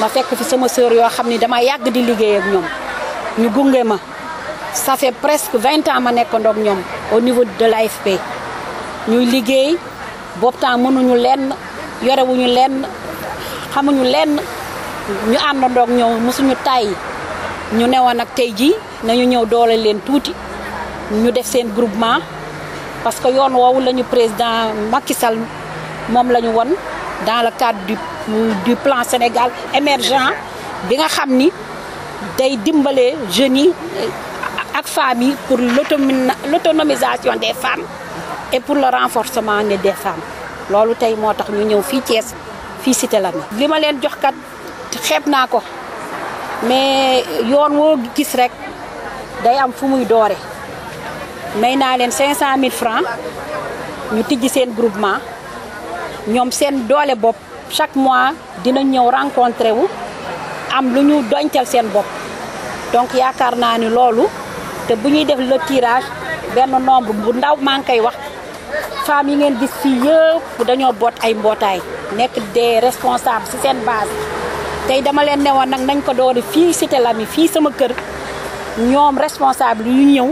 ma fekk fi sama sœur yoo xam ni dama yàgg di liggéey ak ñoom ñu gunge ma ça presque vingt ans ma nekkandoo ak ñoom au niveau de l'AFP ñu liggéey boobu temps mënuñu leen yorewuñu leen xamuñu lenn ñu àndandoo ak ñoom mosuñu tàyyi ñu newoon ak tey jii nañu ñëw doole leen tuuti ñu def seen groupement parce que yoon woowu la ñu président Macky Sall moom la ñu won dans le cadre du plan Sénégal émergent bi nga que les day jeunes et des familles pour l'autonomisation des femmes et pour le renforcement des femmes C'est ce que nous ñu ñëw fii Thiès fii Cité Lamy jox kat mais yoon gis rek day am francs nous tijji un groupement ñom seen doole bop chaque mois dina ñew rencontrer wu am luñu doñtal doncal seen bopp donc yaakar na ni lolu te buñuy def le tirage ben nombre bu ndaw ma ngay wax femmes yi ngeen gis fi yëpp dañoo bot ay mbotay nek des responsables si seen base tay dama len newon nak nañ ko doori fi cité lami fi sama kër ñom responsable yu ñew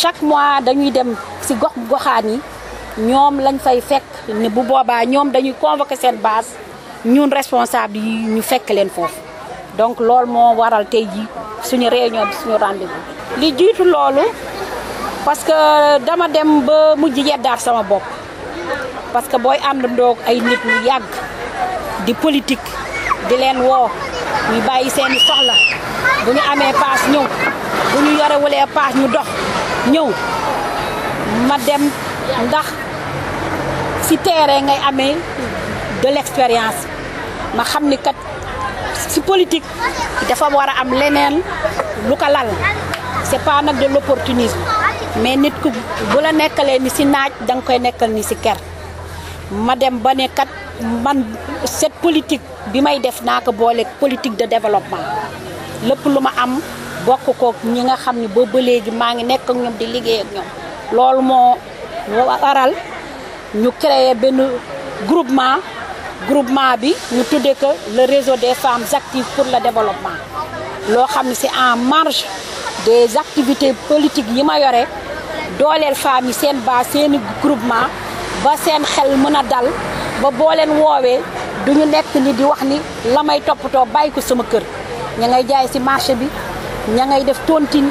chaque mois dañuy dem si gox goxani ñoom lañ fay fekk ne bu boobaa ñoom dañuy convoquer seen base ñun responsable yi ñu fekk leen foofu donc loolu moo waral tey ji suñu réunion bi suñu rendez-vous li jiitu loolu parce que dama dem ba mujj yeddaat sama bopp parce que booy ànd doog ay nit ñu yàgg di politique di leen woo ñu bàyyi seeni soxla bu ñu amee paas ñëw bu ñu yorewulee paas ñu dox ñëw ma dem ndax si terre ngay amé de l'expérience ma xamni kat si politique dafa wara am lenen lu ko lal c'est pas nak de l'opportunisme mais nit ku bu la nekkalee ni si naaj dang koy nekkal ni si ker ma dem bané ne kat man cette politique bi may def naa bolé politique de développement lepp luma am bokk ko ñi nga xamni ni ba légui ma ngi nekk ak ñom di liggéey ak ñom lool mo waral ñu créer benn groupement groupement bi ñu tous que le réseau des femmes actives pour le développement Lo xam c'est en marge des activités politiques yi ma yore dooleel femmes yi seen base seeni groupement ba seen xel mëna dal ba boo leen woowee du ñu nekk ni di wax ni la topoto toppatoo sama kër ña ngay jaay ci marché bi ña ngay def tontine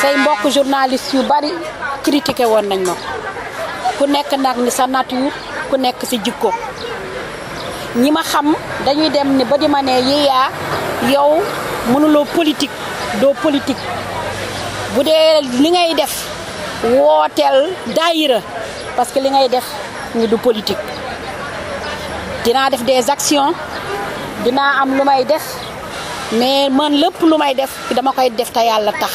say mbokk journaliste yu bari critiqué woon nañ ma ku nekk nag ni sa nature ku nekk si jikko ñi ma xam dañuy dem ni ba di ma ne Yaya yow mënuloo politique doo politique bu dee li ngay def wooteel daayira parce que li ngay def ni du politique dinaa def des actions dinaa am lu may def mais man lépp lu may def dama koy def ta yàlla tax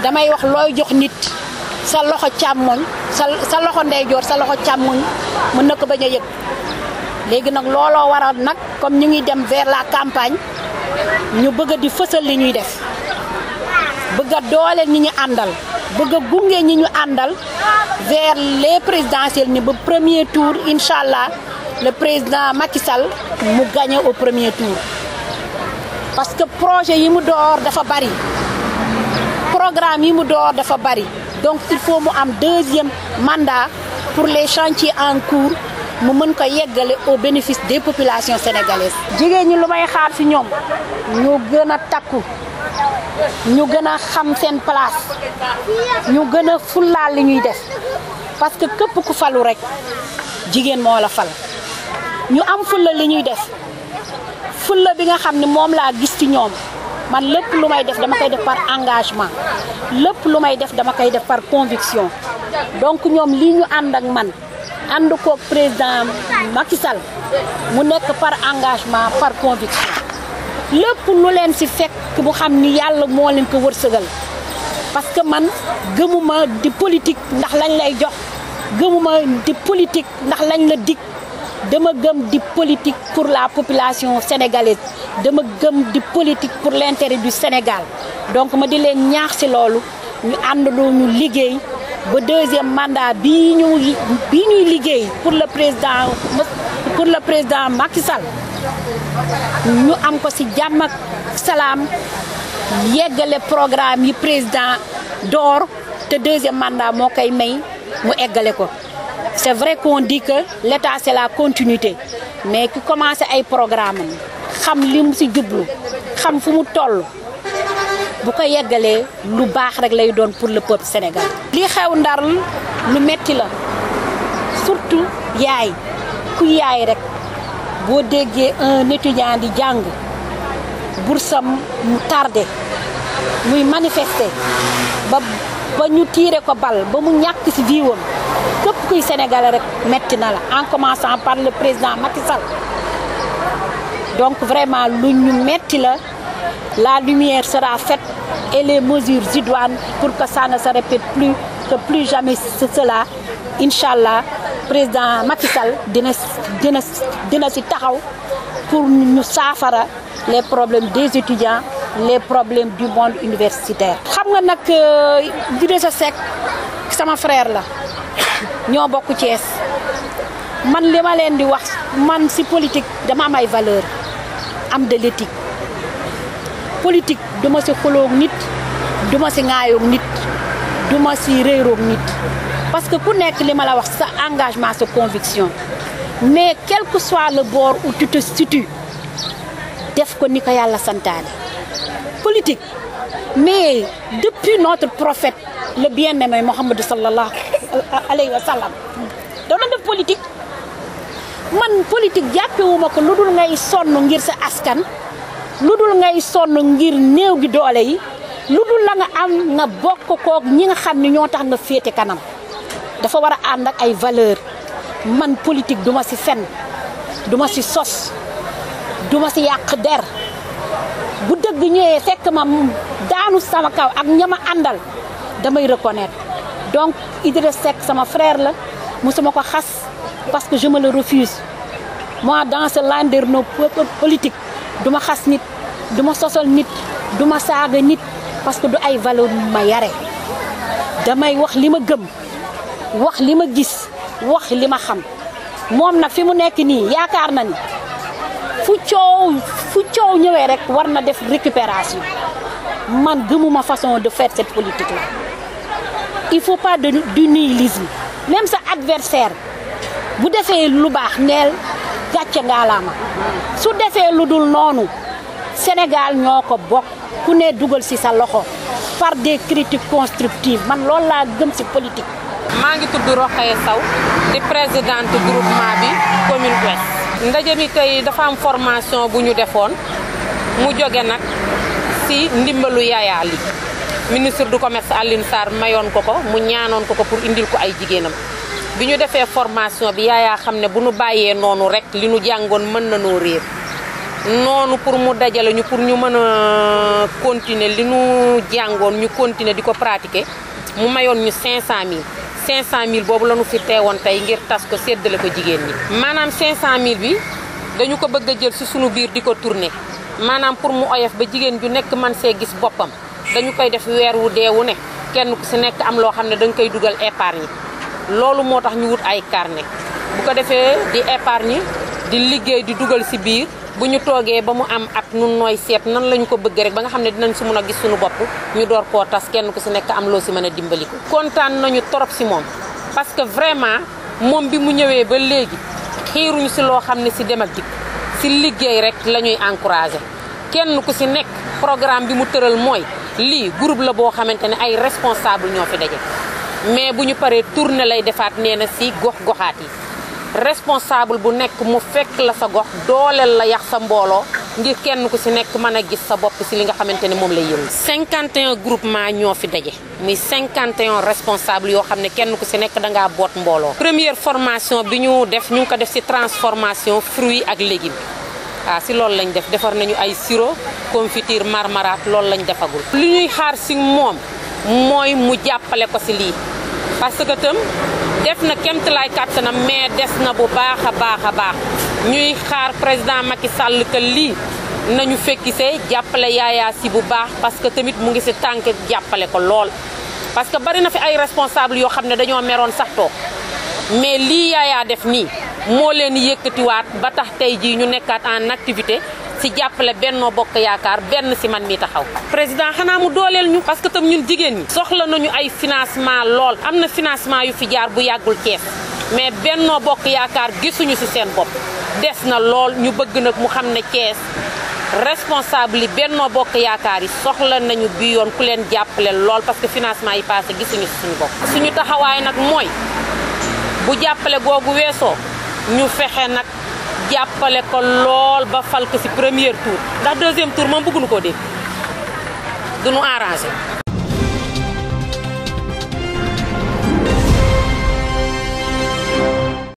damay wax loy jox comme ñu vers la campagne ñu bëgg di li ñuy def bëgg vers les présidentielles ni premier tour Inshallah, le président Macky Sall mu gagner au premier tour parce que projet yi mu door dafa Ami yi mu dafa bari donc il faut mu am deuxième mandat pour les chantiers en cours mu mën ko yeggale au bénéfice des populations sénégalaises. jigéen ñi lu may xaar ci ñoom ñu gën a takku ñu gën a xam seen place ñu gën a fullaal li ñuy def parce que képp ku falu rek jigéen moo la fal ñu am fulla li ñuy def fulla bi nga xam ne moom laa gis ci ñoom. man lepp lu may def dama koy def par engagement lepp lu may def dama koy def par conviction donc ñom li ñu and ak man and ko président Macky Sall mu nek par engagement par conviction lepp lu len ci fekk bu xamni yalla mo len ko wërsegal parce que man gëmuma di politique ndax lañ lay jox gëmuma di politique ndax lañ la dik dama gëm di politique pour la population sénégalaise dama gëm di politique pour l'intérêt du Sénégal donc ma di leen ñaax ci loolu ñu àndandoo ñu liggéey ba deuxième mandat nous, ñu bii ñuy pour le président pour le président Macky Sall ñu am ko ci jàmm programme yi président d'or Le deuxième mandat nous avons may mu égalé ko C'est vrai qu'on dit que l'État c'est la continuité mais ki commencé ay programme am xam li mu ci jublu xam fu mu toll bu ko yeggalee lu baax rek lay doon pour le peuple Sénégal. li xew Ndar lu metti la surtout yaay kuy yaay rek boo déggee un étudiant di jàng bursam mu tardé muy manifester ba ba ñu tiire ko bal ba mu ñàkk ci viiwam kuy sénégalais rek en commençant par le président Macky donc vraiment lu ñu la lumière sera faite et les mesures idoines pour que ça ne se répète plus que plus jamais cela Inch'Allah, président Macky Sall dina pour nous savoir les problèmes des étudiants les problèmes du monde universitaire. Je sais que c'est c'est frère là ñoo bokk beaucoup man li ma leen di wax man si politique dama am ay valeur am de l'éthique politique du ma si xulóog nit du ma si ŋaayoog nit si nit parce que pour nekk li ma la wax sa engagement sa conviction mais quel que soit le bord où tu te situes def ko ni ko yàlla politique mais depuis notre prophète le bien-aimé Mohammed sallallahu alayhi wa sallam dama def politique man politique jàppewuma ko lu dul ngay sonn ngir si askan lu dul ngay sonn ngir néew gi doole yi lu dul la nga am nga bokk kook ñi nga xam ne ñoo tax nga féete kanam dafa war a ànd ak ay valeur man politique duma ci fen duma ci sos duma ci yàq der bu dëgg ñëwee fekk ma daanu sama kaw ak ñama àndal damay reconnaître donc Idriss Seck mon frère je ne parce que je me le refuse moi dans ce nos politique je ma nit je ma nit je ma nit parce que je ay valeur ma yare damay wax li je gëm wax je je gis wax je je xam Mom na Je nek ni nii na fu fu rek def récupération man façon de faire cette politique là il faut pas de du nihilisme même sa adversaire bu defee lu baax neel gàcce ngaalaama su defee lu dul noonu Sénégal ñoo ko bokk ku ne dugal ci sa loxo par des critiques constructives man loolu laa gëm ci politique. maa ngi tudd Rokhaya Sow di présidente groupement bi commune ouest ndaje mi tey dafa am formation bu ñu defoon mu joge nag ci ndimbalu Yaya ministre du commerce Alioune Sarr mayoon ko ko mu ñaanoon ko ko pour indil ko ay jigéenam bi ñu defee formation bi yaayaa xam ne bu nu bàyyee noonu rek li nu jàngoon mën na noo réer noonu pour mu dajale ñu pour ñu mën a continuer li nu jàngoon ñu continuer di ko pratiquer mu mayoon ñu 500000 500000 boobu la ñu fi teewoon tey ngir tas ko séddale ko jigéen ñi. maanaam 500000 bi dañu ko bëgg a jël si sunu biir di ko tourner maanaam pour mu oyof ba jigéen ju nekk man see gis boppam. dañu koy def weer wu dee wu ne kenn ku si nekk am loo xam ne dañ koy dugal épargne loolu moo tax ñu wut ay carnet bu ko defee di épargne di liggéey di dugal si biir bu ñu toogee ba mu am ak nun nooy seet nan la ko bëgg rek ba nga xam ne dinañ si mun a gis suñu bopp ñu door koo tas kenn ku si nekk am loo si mën a dimbali ko. kontaan nañu torop si moom parce que vraiment moom bi mu ñëwee ba léegi xiiruñu si loo xam ne si dem ak dikk si liggéey rek la ñuy encouragé kenn ku si nekk programme bi mu tëral mooy. lii groupe la boo xamante ne ay responsable ñoo fi daje mais bu ñu paree tournée lay defaat nee na si gox-goxaat yi responsable bu nekk mu fekk la sa gox dooleel la yàq sa mbooloo ngir kenn ku si nekk mën a gis sa bopp si li nga xamante ne moom lay yëngu. 51 groupement ñoo fi daje muy 51 responsable yoo xam ne kenn ku si nekk da ngaa boot mbooloo. première formation bi ñu def ñu ngi ko def si transformation fruits ak légumes. waaw ah, si loolu lañ def defar nañu ay siro confiture marmarade loolu lañ defagul. li ñuy xaar si moom mooy mu jàppale ko si lii parce que tam def na kemtalaay kàttanam mais des na bu baax a baax a baax ñuy xaar président Macky sàll que lii nañu fekkisee jàppale yaayaa yi bu baax parce que tamit mu ngi si tànk jàppale ko lool. parce que bari na fi ay responsable yoo xam ne dañoo meroon sax mais lii yaayaa def nii moo leen yëkkatiwaat ba tax tey jii ñu nekkaat en activité si jàppale Benno Bokk Yaakaar benn si man mi taxaw. président xanaa mu dooleel ñu. parce que tam ñun jigéen ñi. soxla nañu ay financement lool. am na financement yu fi jaar bu yàggul Cees mais Benno Bokk Yaakaar gisuñu si seen bopp des na lool ñu bëgg nag mu xam ne Cees responsable yi Benno Bokk Yaakaar yi soxla nañu bi yoon ku leen jàppale lool parce que financement yi passé gisuñu si suñu bopp. suñu taxawaay nag mooy. bu jàppale googu weesoo ñu fexé nak jàppale ko lol ba fal ko ci premier tour ndax deuxième tour moom ñu ko dégg du ñu arranger